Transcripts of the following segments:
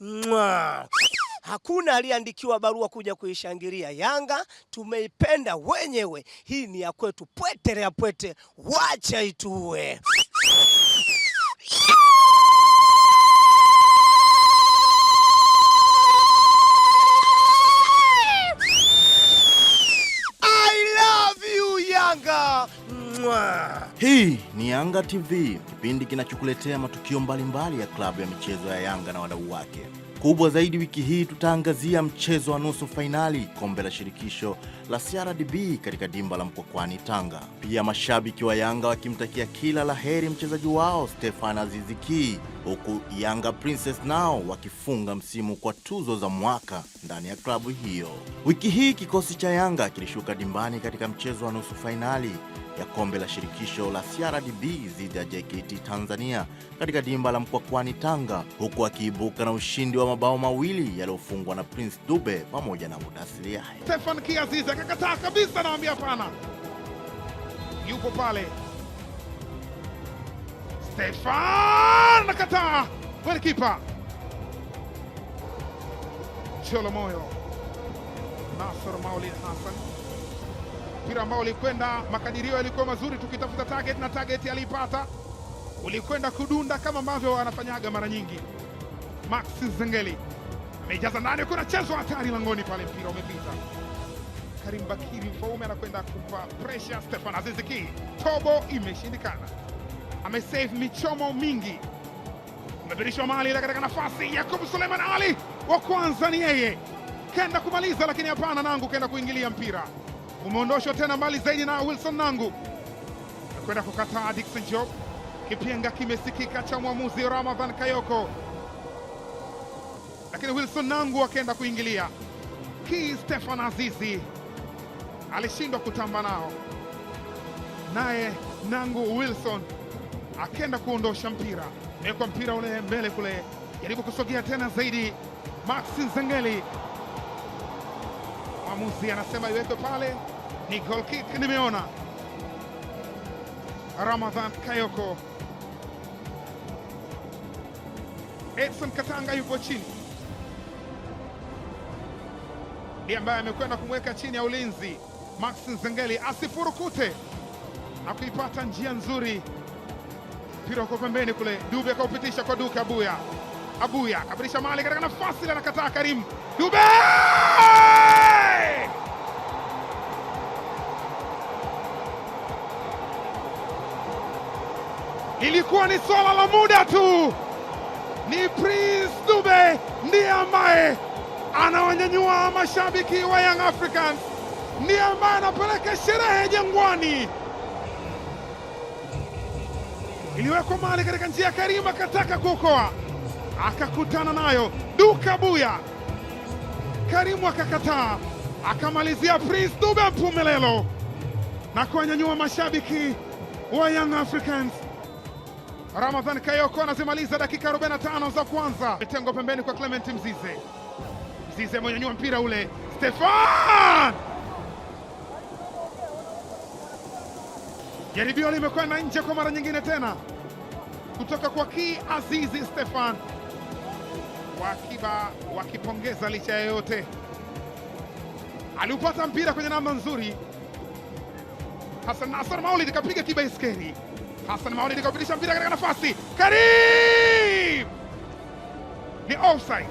mwa. Hakuna aliyeandikiwa barua kuja kuishangilia Yanga, tumeipenda wenyewe. Hii ni ya kwetu, pwete ya pwete, wacha ituwe. I love you Yanga mwa. Hii ni Yanga TV, kipindi kinachokuletea matukio mbalimbali mbali ya klabu ya michezo ya Yanga na wadau wake. Kubwa zaidi wiki hii tutaangazia mchezo wa nusu fainali kombe la shirikisho la CRDB katika dimba la Mkwakwani, Tanga. Pia mashabiki wa Yanga wakimtakia kila la heri mchezaji wao Stefan Aziziki huku Yanga Princess nao wakifunga msimu kwa tuzo za mwaka ndani ya klabu hiyo. Wiki hii kikosi cha Yanga kilishuka dimbani katika mchezo wa nusu fainali ya kombe la shirikisho la CRDB dhidi ya JKT Tanzania katika dimba la Mkwakwani, Tanga, huku akiibuka na ushindi wa mabao mawili yaliyofungwa na Prince Dube pamoja na Mudasili Stefan Kiazizi akakataa kabisa, anawambia hapana, yupo pale Stefan kataa, golikipa Cholo Moyo Maulid Hassan, mpira ambao ulikwenda, makadirio yalikuwa mazuri, tukitafuta target na target aliipata, ulikwenda kudunda kama ambavyo anafanyaga mara nyingi. Max Zengeli ameijaza ndani, kuna chezo hatari langoni pale, mpira umepita. Karim Bakiri Mfaume anakwenda kupa pressure Stefan Aziziki, tobo imeshindikana amesave michomo mingi, amebadilishwa mali katika nafasi. yakubu Suleiman Ali wa kwanza ni yeye, kenda kumaliza lakini hapana, Nangu kenda kuingilia mpira, umeondoshwa tena mbali zaidi na Wilson Nangu kwenda kukataa Dickson Job. Kipenga kimesikika cha mwamuzi Ramadhan Kayoko, lakini Wilson Nangu akaenda kuingilia. Ki Stefan Azizi alishindwa kutamba nao, naye Nangu Wilson akenda kuondosha mpira, wekwa mpira ule mbele kule, jaribu kusogea tena zaidi. Maxi Nzengeli, mwamuzi anasema iwekwe pale, ni goal kick. Nimeona Ramadhan Kayoko, Edson Katanga yupo chini, ndiye ambaye amekwenda kumweka chini ya ulinzi Maxi Nzengeli asifurukute na kuipata njia nzuri mpira uko pembeni kule, Dube akaupitisha kwa Duke Abuya. Abuya kapitisha mali katika nafasi ile, anakataa Karim Dube Ilikuwa ni swala la muda tu, ni Prince Dube ndiye ambaye anawanyanyua mashabiki wa Young Africans, ndiye ambaye anapeleka sherehe Jangwani iliwekwa mali katika njia ya karimu akataka kuokoa, akakutana nayo duka buya. Karimu akakataa, akamalizia Prince Dube Mpumelelo na kuwanyanyua mashabiki wa Young Africans. Ramadhan Kayoko anazimaliza dakika 45 za kwanza, mitengwa pembeni kwa Clement Mzize. Mzize mwenyanyua mpira ule, Stefan Jaribio limekwenda nje kwa mara nyingine tena kutoka kwa Ki Azizi Stefan. Wakiba wakipongeza licha ya yote, aliupata mpira kwenye namba nzuri. Hassan Hassan Maulid kapiga iskeri. Hassan Maulid kapitisha mpira katika nafasi Karim, ni offside,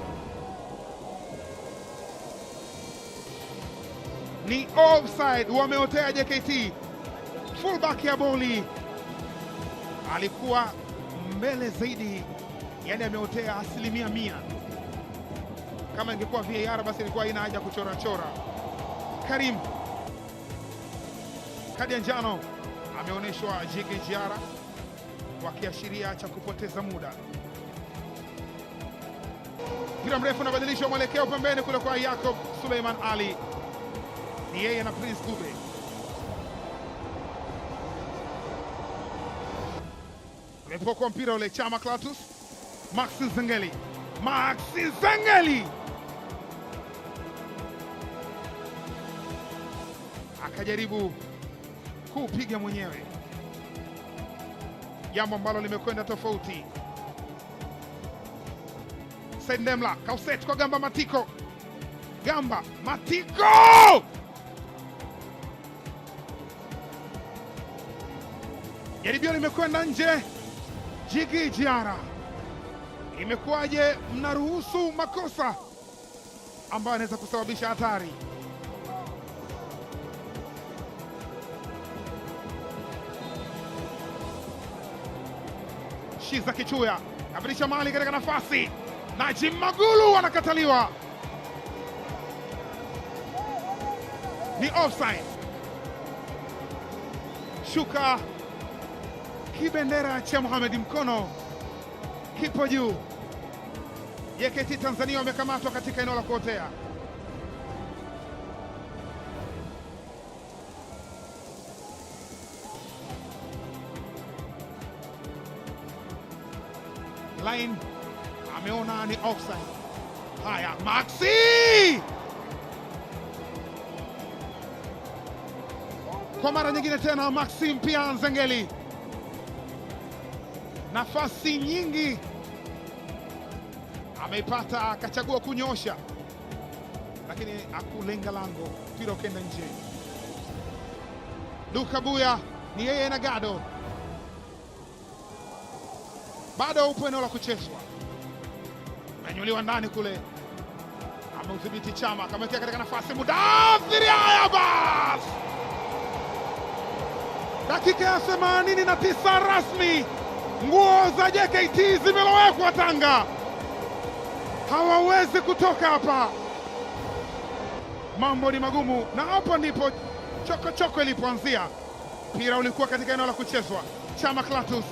ni offside, wameotea JKT fullback ya boli alikuwa mbele zaidi, yani ameotea asilimia mia. Kama ingekuwa VAR basi ilikuwa haina haja kuchora chora. Karim kadi ya njano ameonyeshwa Jiara kwa kiashiria cha kupoteza muda. Mpira mrefu unabadilishwa mwelekeo pembeni kule kwa Yakob Suleiman Ali, ni yeye na Prince Dube. Alikuwa kwa mpira ule Chama Clatous, Maxi Zengeli, Maxi Zengeli akajaribu kuupiga mwenyewe, jambo ambalo limekwenda tofauti. Said Ndemla Kauset kwa Gamba Matiko, Gamba Matiko jaribio limekwenda nje. Jigi Jiara, imekuwaje mnaruhusu makosa ambayo anaweza kusababisha hatari? Shiza Kichuya kapitisha mali katika nafasi, Najim Magulu anakataliwa, ni offside. Shuka Kibendera cha Mohamed Mkono kipo juu. JKT Tanzania wamekamatwa katika eneo la kuotea. Line ameona ni offside. Haya, Maxi kwa mara nyingine tena, maxim pia Nzengeli nafasi nyingi ameipata, akachagua kunyosha, lakini akulenga lango, mpira ukenda nje. duka buya ni yeye na Gado, bado upo eneo la kuchezwa, menyuliwa ndani kule, ameudhibiti Chama, akamwekea katika nafasi Mudathiri. Haya basi, dakika ya 89 rasmi. Nguo za JKT zimelowekwa Tanga, hawawezi kutoka hapa. Mambo ni magumu, na hapo ndipo chokochoko ilipoanzia. Mpira ulikuwa katika eneo la kuchezwa, Chama Clatous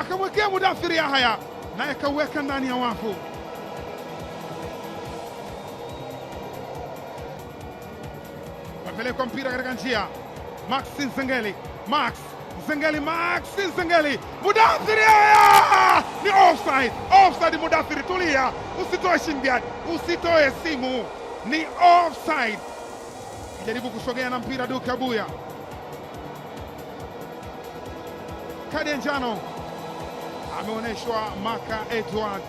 akamwekea Mudathiri Yahaya naye akaweka ndani ya wavu. Wapelekwa mpira katika njia, Maxi Nzengeli Max Sengeli, Maxi Sengeli, Mudathiri ni offside, offside. Mudathiri tulia, usitoe shin usitoe simu, ni offside. kijaribu kusogea na mpira Duke Abuya, kadi ya njano ameonyeshwa Maka Edward.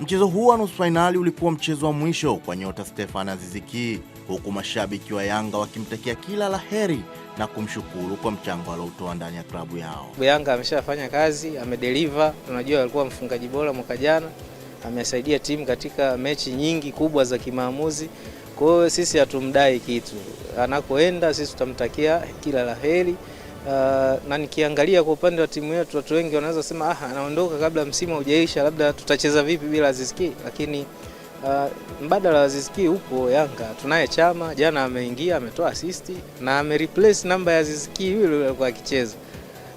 Mchezo huu wa nusu fainali ulikuwa mchezo wa mwisho kwa nyota Stefan Aziziki huku mashabiki wa Yanga wakimtakia kila la heri na kumshukuru kwa mchango alioutoa ndani ya klabu yao. Yanga ameshafanya kazi, amedeliva. Tunajua alikuwa mfungaji bora mwaka jana, amesaidia timu katika mechi nyingi kubwa za kimaamuzi. Kwa hiyo sisi hatumdai kitu, anakoenda sisi tutamtakia kila la heri. Uh, na nikiangalia kwa upande wa timu yetu, watu wengi wanaweza kusema ah, anaondoka kabla msimu haujaisha, labda tutacheza vipi bila Aziz Ki, lakini Uh, mbadala wa Aziz Ki upo Yanga, tunaye Chama jana ameingia ametoa assist na amereplace namba ya Aziz Ki yule alikuwa akicheza.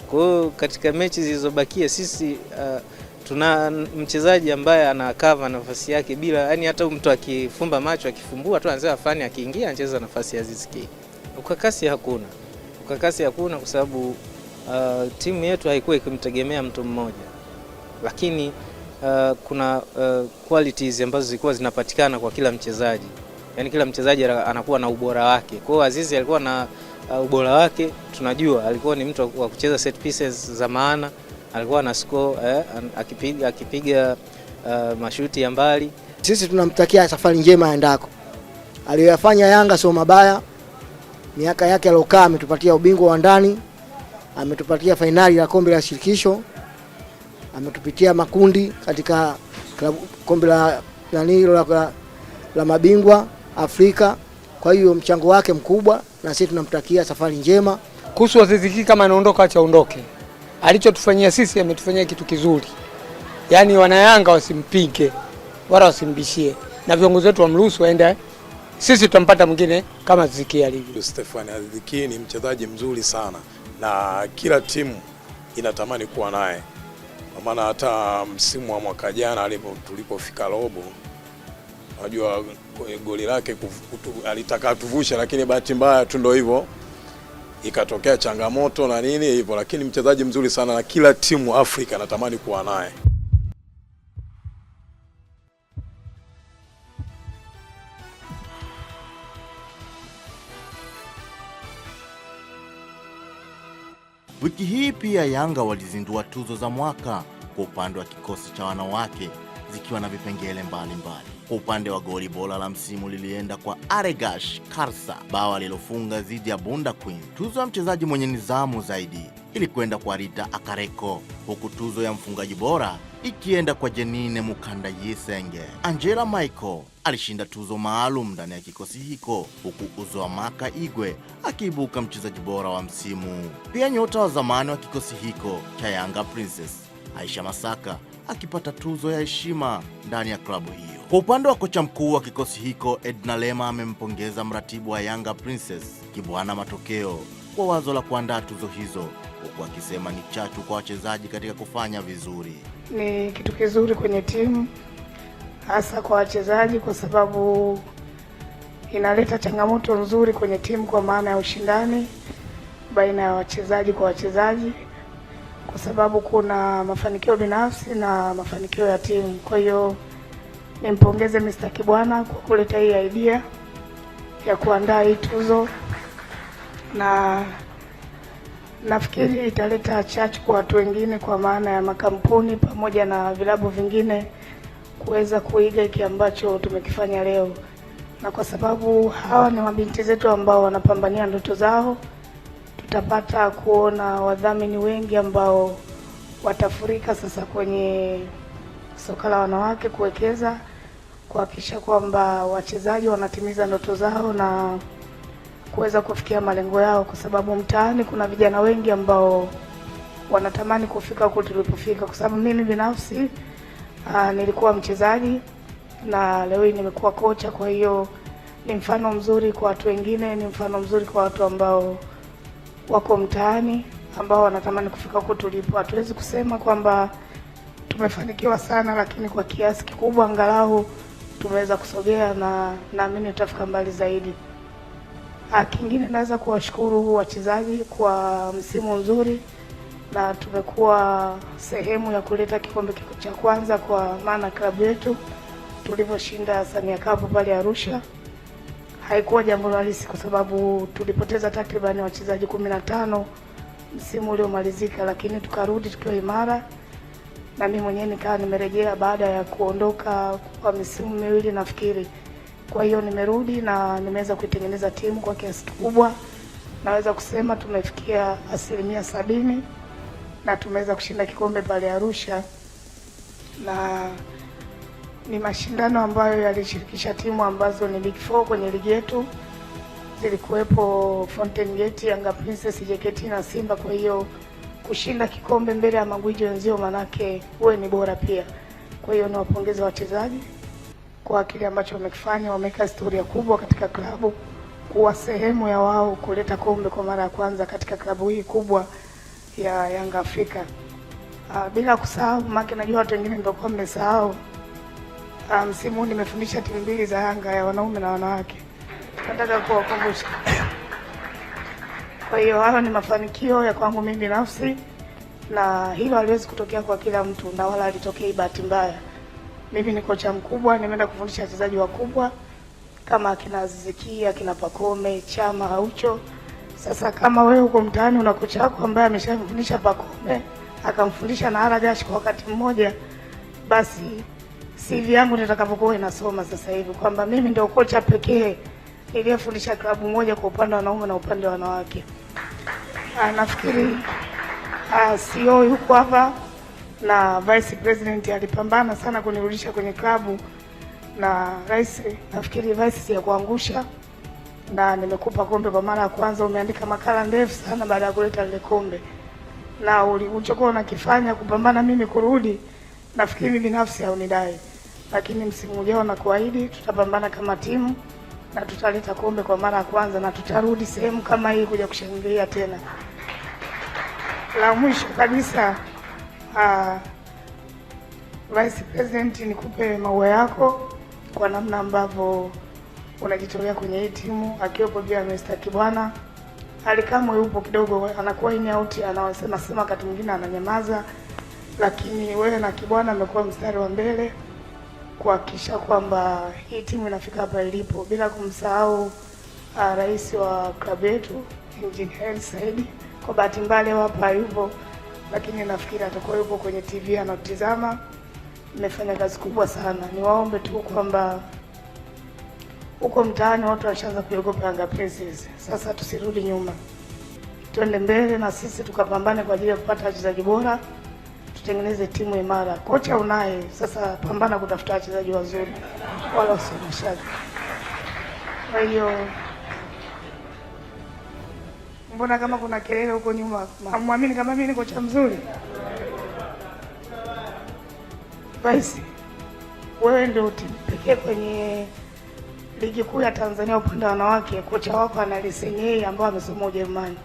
Kwa hiyo katika mechi zilizobakia sisi uh, tuna mchezaji ambaye ana cover nafasi yake bila yani, hata mtu akifumba macho akifumbua tu anzea fani akiingia anacheza nafasi ya Aziz Ki. Ukakasi hakuna, ukakasi hakuna kwa sababu uh, timu yetu haikuwa ikimtegemea mtu mmoja, lakini uh, kuna uh, qualities ambazo zilikuwa zinapatikana kwa kila mchezaji, yaani kila mchezaji anakuwa na ubora wake. Kwa hiyo Azizi alikuwa na uh, ubora wake, tunajua alikuwa ni mtu wa kucheza set pieces za maana, alikuwa na score eh, akipiga, akipiga uh, mashuti ya mbali. Sisi tunamtakia safari njema aendako. Aliyoyafanya Yanga sio mabaya, miaka yake aliyokaa ametupatia ubingwa wa ndani, ametupatia fainali ya kombe la shirikisho ametupitia makundi katika kombe la nani la, la mabingwa Afrika. Kwa hiyo mchango wake mkubwa, na sisi tunamtakia safari njema. Kuhusu Azizi Ki, kama anaondoka acha aondoke, alichotufanyia sisi ametufanyia kitu kizuri, yaani wanayanga wasimpige wala wasimbishie, na viongozi wetu wamruhusu waende, eh? sisi tutampata mwingine kama Azizi Ki alivyo. Stefan Azizi Ki ni mchezaji mzuri sana na kila timu inatamani kuwa naye kwa maana hata msimu wa mwaka jana alipo tulipofika robo, unajua goli lake kutu, alitaka tuvusha, lakini bahati mbaya tu ndio hivyo ikatokea changamoto na nini hivyo, lakini mchezaji mzuri sana na kila timu Afrika natamani kuwa naye. Wiki hii pia Yanga walizindua tuzo za mwaka kwa upande wa kikosi cha wanawake zikiwa na vipengele mbalimbali. Kwa upande wa goli bora la msimu lilienda kwa Aregash Karsa, bao alilofunga dhidi ya Bunda Queen. Tuzo ya mchezaji mwenye nidhamu zaidi ili kwenda kwa Rita Akareko, huku tuzo ya mfungaji bora ikienda kwa Jenine Mukanda Yisenge. Angela Michael alishinda tuzo maalum ndani ya kikosi hiko, huku Uzoamaka Igwe akiibuka mchezaji bora wa msimu. Pia nyota wa zamani wa kikosi hiko cha Yanga Princess Aisha Masaka akipata tuzo ya heshima ndani ya klabu hiyo. Kwa upande wa kocha mkuu wa kikosi hiko Edna Lema amempongeza mratibu wa Yanga Princess Kibwana Matokeo kwa wazo la kuandaa tuzo hizo, huku akisema ni chachu kwa wachezaji katika kufanya vizuri. Ni kitu kizuri kwenye timu, hasa kwa wachezaji, kwa sababu inaleta changamoto nzuri kwenye timu, kwa maana ya ushindani baina ya wachezaji kwa wachezaji, kwa sababu kuna mafanikio binafsi na mafanikio ya timu. Kwa hiyo nimpongeze Mr. Kibwana kwa kuleta hii idea ya kuandaa hii tuzo na nafikiri italeta chachu kwa watu wengine, kwa maana ya makampuni pamoja na vilabu vingine kuweza kuiga hiki ambacho tumekifanya leo, na kwa sababu hawa ni mabinti zetu ambao wanapambania ndoto zao, tutapata kuona wadhamini wengi ambao watafurika sasa kwenye soka la wanawake kuwekeza kuhakikisha kwamba wachezaji wanatimiza ndoto zao na kuweza kufikia malengo yao, kwa sababu mtaani kuna vijana wengi ambao wanatamani kufika huko tulipofika, kwa sababu mimi binafsi aa, ah, nilikuwa mchezaji na leo hii nimekuwa kocha. Kwa hiyo ni mfano mzuri kwa watu wengine, ni mfano mzuri kwa watu ambao wako mtaani ambao wanatamani kufika huko tulipo. Hatuwezi kusema kwamba tumefanikiwa sana, lakini kwa kiasi kikubwa angalau tumeweza kusogea, na naamini tutafika mbali zaidi. Ah, kingine naweza kuwashukuru wachezaji kwa msimu mzuri, na tumekuwa sehemu ya kuleta kikombe cha kwanza kwa maana klabu yetu tulivyoshinda Samia Cup pale Arusha haikuwa jambo rahisi, kwa sababu tulipoteza takribani wachezaji kumi na tano msimu uliomalizika, lakini tukarudi tukiwa imara, na mimi mwenyewe nikawa nimerejea baada ya kuondoka kwa misimu miwili nafikiri. Kwa hiyo nimerudi na nimeweza kuitengeneza timu kwa kiasi kikubwa, naweza kusema tumefikia asilimia sabini na tumeweza kushinda kikombe pale Arusha, na ni mashindano ambayo yalishirikisha timu ambazo ni Big Four kwenye ligi yetu, zilikuwepo Fountain Gate, Yanga Princess, JKT na Simba. Kwa hiyo kushinda kikombe mbele ya magwiji wenzio, manake huwe ni bora pia. Kwa hiyo niwapongeze wachezaji kwa kile ambacho wamekifanya. Wameweka historia kubwa katika klabu, kuwa sehemu ya wao kuleta kombe kwa mara ya kwanza katika klabu hii kubwa ya Yanga Afrika. Uh, ah, bila kusahau maki, najua watu wengine ndio kwa mmesahau, ah, msimu um, huu nimefundisha timu mbili za Yanga ya wanaume na wanawake, nataka kuwakumbusha. Kwa hiyo hayo ni mafanikio ya kwangu mimi binafsi, na hilo haliwezi kutokea kwa kila mtu na wala halitokei bahati mbaya. Mimi ni kocha mkubwa, nimeenda kufundisha wachezaji wakubwa kama akina Aziziki, akina Pakome, Chama, Aucho. Sasa kama wewe uko mtaani una kocha wako ambaye ameshamfundisha Pakome akamfundisha na Aragash kwa wakati mmoja, basi CV yangu nitakapokuwa inasoma sasa hivi kwamba mimi ndio kocha pekee niliyefundisha klabu moja kwa upande wa wanaume na upande wa wanawake. Ah, nafikiri sio ah, e yuko hapa na vice president alipambana sana kunirudisha kwenye klabu, na rais nafikiri vice kuangusha na nimekupa kombe kwa mara ya kwanza. Umeandika makala ndefu sana baada ya kuleta lile kombe, na ulichokuwa unakifanya kupambana mimi kurudi, nafikiri binafsi haunidai, lakini msimu ujao na kuahidi tutapambana kama timu na tutaleta kombe kwa mara ya kwanza, na tutarudi sehemu kama hii kuja kushangilia tena. La mwisho kabisa Uh, Vice President, nikupe maua yako kwa namna ambavyo unajitolea kwenye hii timu, akiwepo pia Mr. Kibwana. Alikamwe yupo kidogo, anakuwa in out, anawasema sema, wakati mwingine ananyamaza, lakini wewe na Kibwana amekuwa mstari wa mbele kuhakikisha kwamba hii timu inafika hapa ilipo, bila kumsahau uh, rais wa klabu yetu Engineer Said. Kwa bahati mbaya hapa yupo lakini nafikiri atakuwa yupo kwenye TV anatizama. Mmefanya kazi kubwa sana, niwaombe tu kwamba huko mtaani watu washaanza kuiogopa Yanga Princess. Sasa tusirudi nyuma, tuende mbele na sisi tukapambane kwa ajili ya kupata wachezaji bora, tutengeneze timu imara. Kocha unaye sasa, pambana kutafuta wachezaji wazuri, wala usionyeshaji. Kwa hiyo Mbona kama kuna kelele huko nyuma, hamwamini kama mimi niko cha mzuri? basi wewe ndio utimpekee kwenye ligi kuu ya Tanzania upande wa wanawake, kocha wako ana leseni hii ambayo amesoma Ujerumani,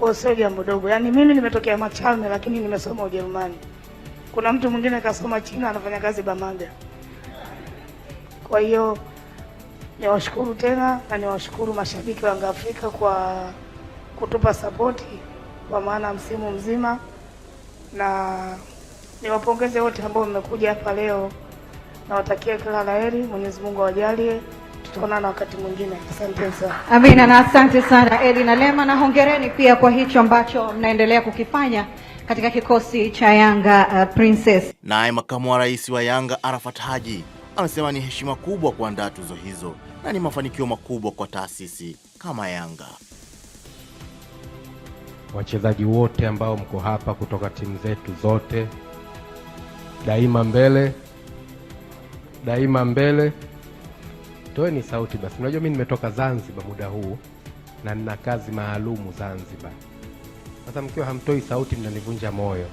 kwa sio jambo dogo. Yaani mimi nimetokea Machame lakini nimesoma Ujerumani. Kuna mtu mwingine kasoma China anafanya kazi Bamaga, kwa hiyo Niwashukuru tena na niwashukuru mashabiki wa Yanga Afrika kwa kutupa sapoti kwa maana msimu mzima, na niwapongeze wote ambao mmekuja hapa leo. Nawatakia kila la heri, Mwenyezi Mungu awajalie, tutaonana wakati mwingine. Asante sana. Amina na asante sana edi na Lema, na hongereni pia kwa hicho ambacho mnaendelea kukifanya katika kikosi cha Yanga uh, Princess. Naye makamu wa rais wa Yanga Arafat Haji amesema ni heshima kubwa kuandaa tuzo hizo na ni mafanikio makubwa kwa taasisi kama Yanga. Wachezaji wote ambao mko hapa kutoka timu zetu zote, daima mbele, daima mbele, toeni sauti basi. Unajua, mi nimetoka Zanzibar muda huu na nina kazi maalumu Zanzibar. Sasa mkiwa hamtoi sauti, mnanivunja moyo.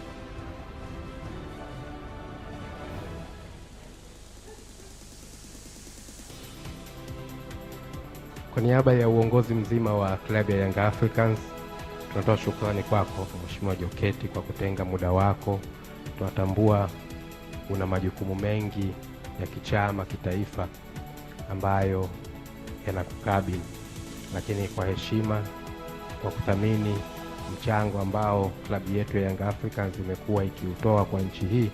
Kwa niaba ya uongozi mzima wa klabu ya Young Africans tunatoa shukrani kwako Mheshimiwa Joketi kwa kutenga muda wako. Tunatambua una majukumu mengi ya kichama, kitaifa ambayo yanakukabili, lakini kwa heshima, kwa kuthamini mchango ambao klabu yetu ya Young Africans imekuwa ikiutoa kwa nchi hii,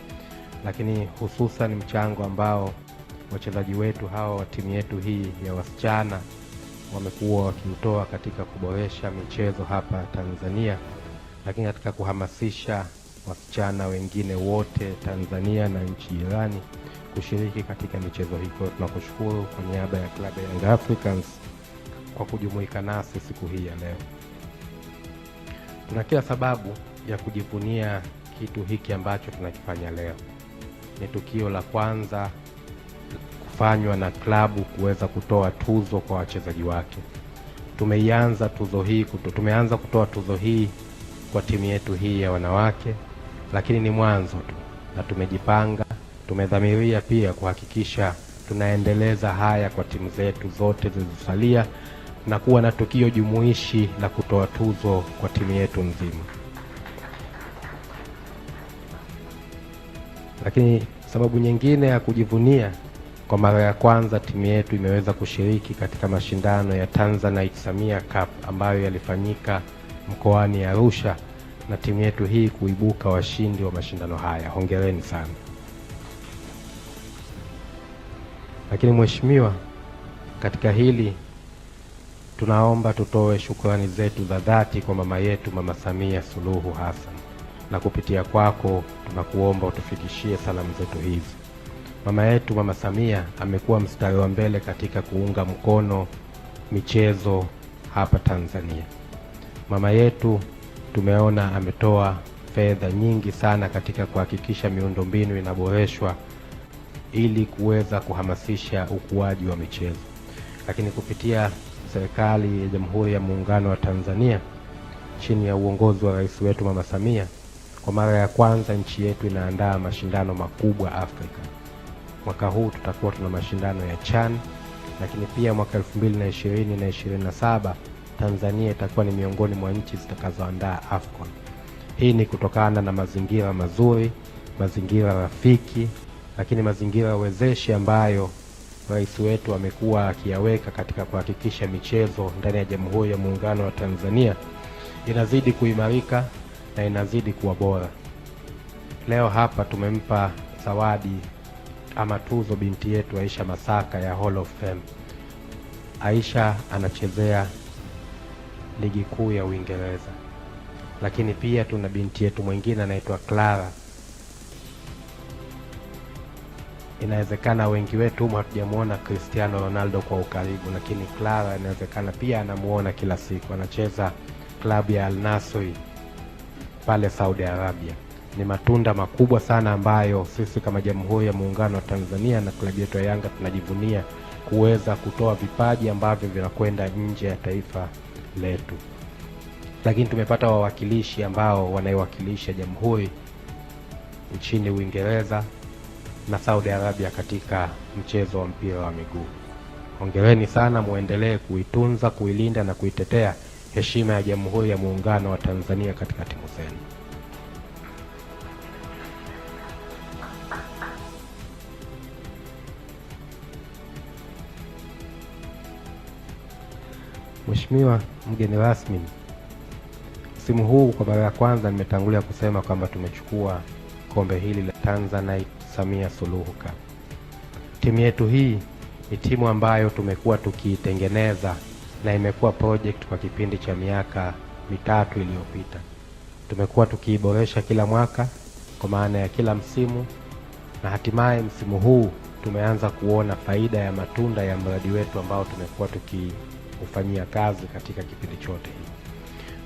lakini hususan mchango ambao wachezaji wetu hawa wa timu yetu hii ya wasichana wamekuwa wakimtoa katika kuboresha michezo hapa Tanzania, lakini katika kuhamasisha wasichana wengine wote Tanzania na nchi jirani kushiriki katika michezo hiyo. tunakushukuru kwa niaba ya klabu ya Young Africans kwa kujumuika nasi siku hii ya leo. Tuna kila sababu ya kujivunia kitu hiki ambacho tunakifanya leo. Ni tukio la kwanza kufanywa na klabu kuweza kutoa tuzo kwa wachezaji wake. Tumeianza tuzo hii kuto, tumeanza kutoa tuzo hii kwa timu yetu hii ya wanawake, lakini ni mwanzo tu, na tumejipanga, tumedhamiria pia kuhakikisha tunaendeleza haya kwa timu zetu zote zilizosalia na kuwa na tukio jumuishi la kutoa tuzo kwa timu yetu nzima. Lakini sababu nyingine ya kujivunia kwa mara ya kwanza timu yetu imeweza kushiriki katika mashindano ya Tanzanite Samia Cup ambayo yalifanyika mkoani Arusha na timu yetu hii kuibuka washindi wa mashindano haya. Hongereni sana. Lakini mheshimiwa, katika hili tunaomba tutoe shukrani zetu za dhati kwa mama yetu, Mama Samia Suluhu Hassan, na kupitia kwako tunakuomba utufikishie salamu zetu hizi. Mama yetu Mama Samia amekuwa mstari wa mbele katika kuunga mkono michezo hapa Tanzania. Mama yetu tumeona ametoa fedha nyingi sana katika kuhakikisha miundombinu inaboreshwa ili kuweza kuhamasisha ukuaji wa michezo. Lakini kupitia serikali ya Jamhuri ya Muungano wa Tanzania chini ya uongozi wa rais wetu Mama Samia, kwa mara ya kwanza nchi yetu inaandaa mashindano makubwa Afrika. Mwaka huu tutakuwa tuna mashindano ya CHAN, lakini pia mwaka 2020 na 27 Tanzania itakuwa ni miongoni mwa nchi zitakazoandaa AFCON. Hii ni kutokana na mazingira mazuri, mazingira rafiki, lakini mazingira wezeshi ambayo rais wetu amekuwa akiyaweka katika kuhakikisha michezo ndani ya Jamhuri ya Muungano wa Tanzania inazidi kuimarika na inazidi kuwa bora. Leo hapa tumempa zawadi ama tuzo binti yetu Aisha Masaka ya Hall of Fame. Aisha anachezea ligi kuu ya Uingereza, lakini pia tuna binti yetu mwingine anaitwa Clara. Inawezekana wengi wetu humu hatujamwona Cristiano Ronaldo kwa ukaribu, lakini Clara inawezekana pia anamuona kila siku. Anacheza klabu ya Al Nassr pale Saudi Arabia ni matunda makubwa sana ambayo sisi kama Jamhuri ya Muungano wa Tanzania na klabu yetu ya Yanga tunajivunia kuweza kutoa vipaji ambavyo vinakwenda nje ya taifa letu. Lakini tumepata wawakilishi ambao wanaiwakilisha jamhuri nchini Uingereza na Saudi Arabia katika mchezo wa mpira wa miguu. Hongereni sana, muendelee kuitunza, kuilinda na kuitetea heshima ya Jamhuri ya Muungano wa Tanzania katika timu zenu. Mheshimiwa mgeni rasmi, msimu huu kwa mara ya kwanza nimetangulia kusema kwamba tumechukua kombe hili la Tanzanite Samia Suluhu Cup. Timu yetu hii ni timu ambayo tumekuwa tukiitengeneza na imekuwa project kwa kipindi cha miaka mitatu iliyopita. Tumekuwa tukiiboresha kila mwaka kwa maana ya kila msimu, na hatimaye msimu huu tumeanza kuona faida ya matunda ya mradi wetu ambao tumekuwa tuki kufanyia kazi katika kipindi chote.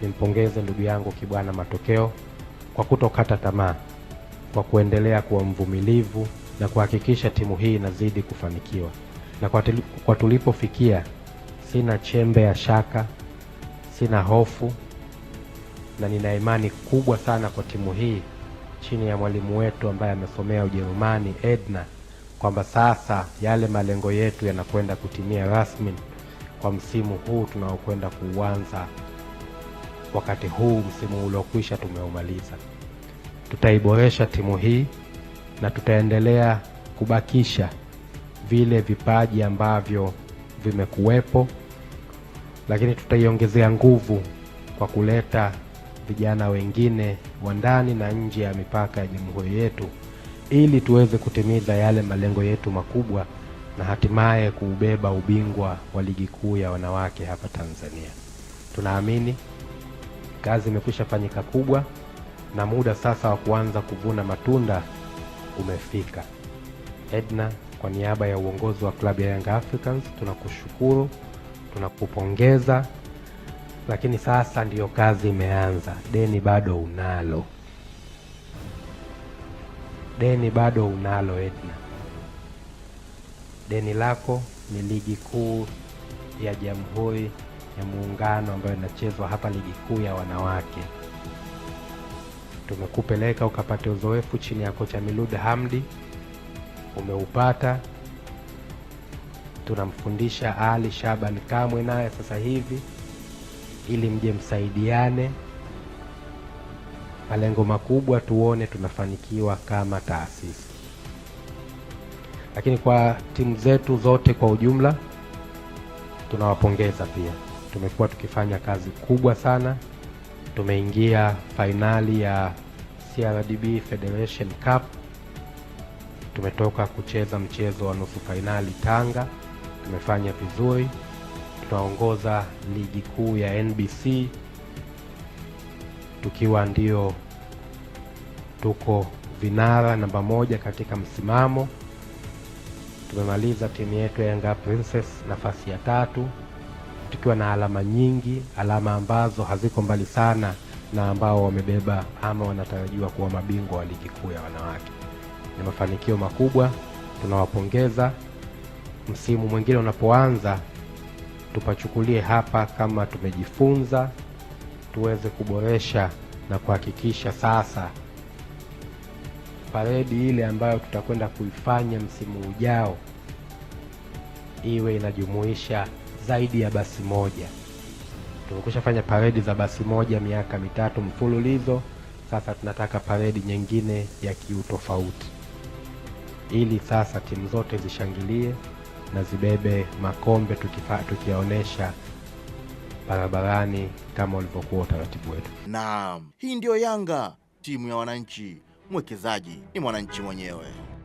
Nimpongeze ndugu yangu Kibwana Matokeo kwa kutokata tamaa, kwa kuendelea kuwa mvumilivu na kuhakikisha timu hii inazidi kufanikiwa, na kwa tulipofikia, sina chembe ya shaka, sina hofu na nina imani kubwa sana kwa timu hii chini ya mwalimu wetu ambaye amesomea Ujerumani Edna, kwamba sasa yale malengo yetu yanakwenda kutimia rasmi kwa msimu huu tunaokwenda kuuanza wakati huu msimu uliokwisha tumeumaliza. Tutaiboresha timu hii na tutaendelea kubakisha vile vipaji ambavyo vimekuwepo, lakini tutaiongezea nguvu kwa kuleta vijana wengine wa ndani na nje ya mipaka ya jamhuri yetu ili tuweze kutimiza yale malengo yetu makubwa na hatimaye kuubeba ubingwa wa ligi kuu ya wanawake hapa Tanzania. Tunaamini kazi imekwisha fanyika kubwa na muda sasa wa kuanza kuvuna matunda umefika. Edna, kwa niaba ya uongozi wa klabu ya Young Africans tunakushukuru, tunakupongeza, lakini sasa ndiyo kazi imeanza. Deni bado unalo, deni bado unalo Edna deni lako ni ligi kuu ya Jamhuri ya Muungano ambayo inachezwa hapa, ligi kuu ya wanawake. Tumekupeleka ukapate uzoefu chini ya kocha Milud Hamdi, umeupata. Tunamfundisha Ali Shaban Kamwe naye sasa hivi, ili mje msaidiane malengo makubwa, tuone tunafanikiwa kama taasisi lakini kwa timu zetu zote kwa ujumla tunawapongeza pia. Tumekuwa tukifanya kazi kubwa sana, tumeingia fainali ya CRDB Federation Cup, tumetoka kucheza mchezo wa nusu fainali Tanga, tumefanya vizuri, tunaongoza ligi kuu ya NBC tukiwa ndio tuko vinara namba moja katika msimamo tumemaliza timu yetu ya Yanga Princess nafasi ya tatu tukiwa na alama nyingi, alama ambazo haziko mbali sana na ambao wamebeba ama wanatarajiwa kuwa mabingwa wa ligi kuu ya wanawake. Ni mafanikio makubwa, tunawapongeza. Msimu mwingine unapoanza, tupachukulie hapa kama tumejifunza, tuweze kuboresha na kuhakikisha sasa paredi ile ambayo tutakwenda kuifanya msimu ujao iwe inajumuisha zaidi ya basi moja. Tumekusha fanya paredi za basi moja miaka mitatu mfululizo, sasa tunataka paredi nyingine ya kiu tofauti, ili sasa timu zote zishangilie na zibebe makombe tukifa, barabarani kama ulivyokuwa utaratibu wetu. Naam, hii ndiyo Yanga, timu ya wananchi mwekezaji ni mwananchi mwenyewe.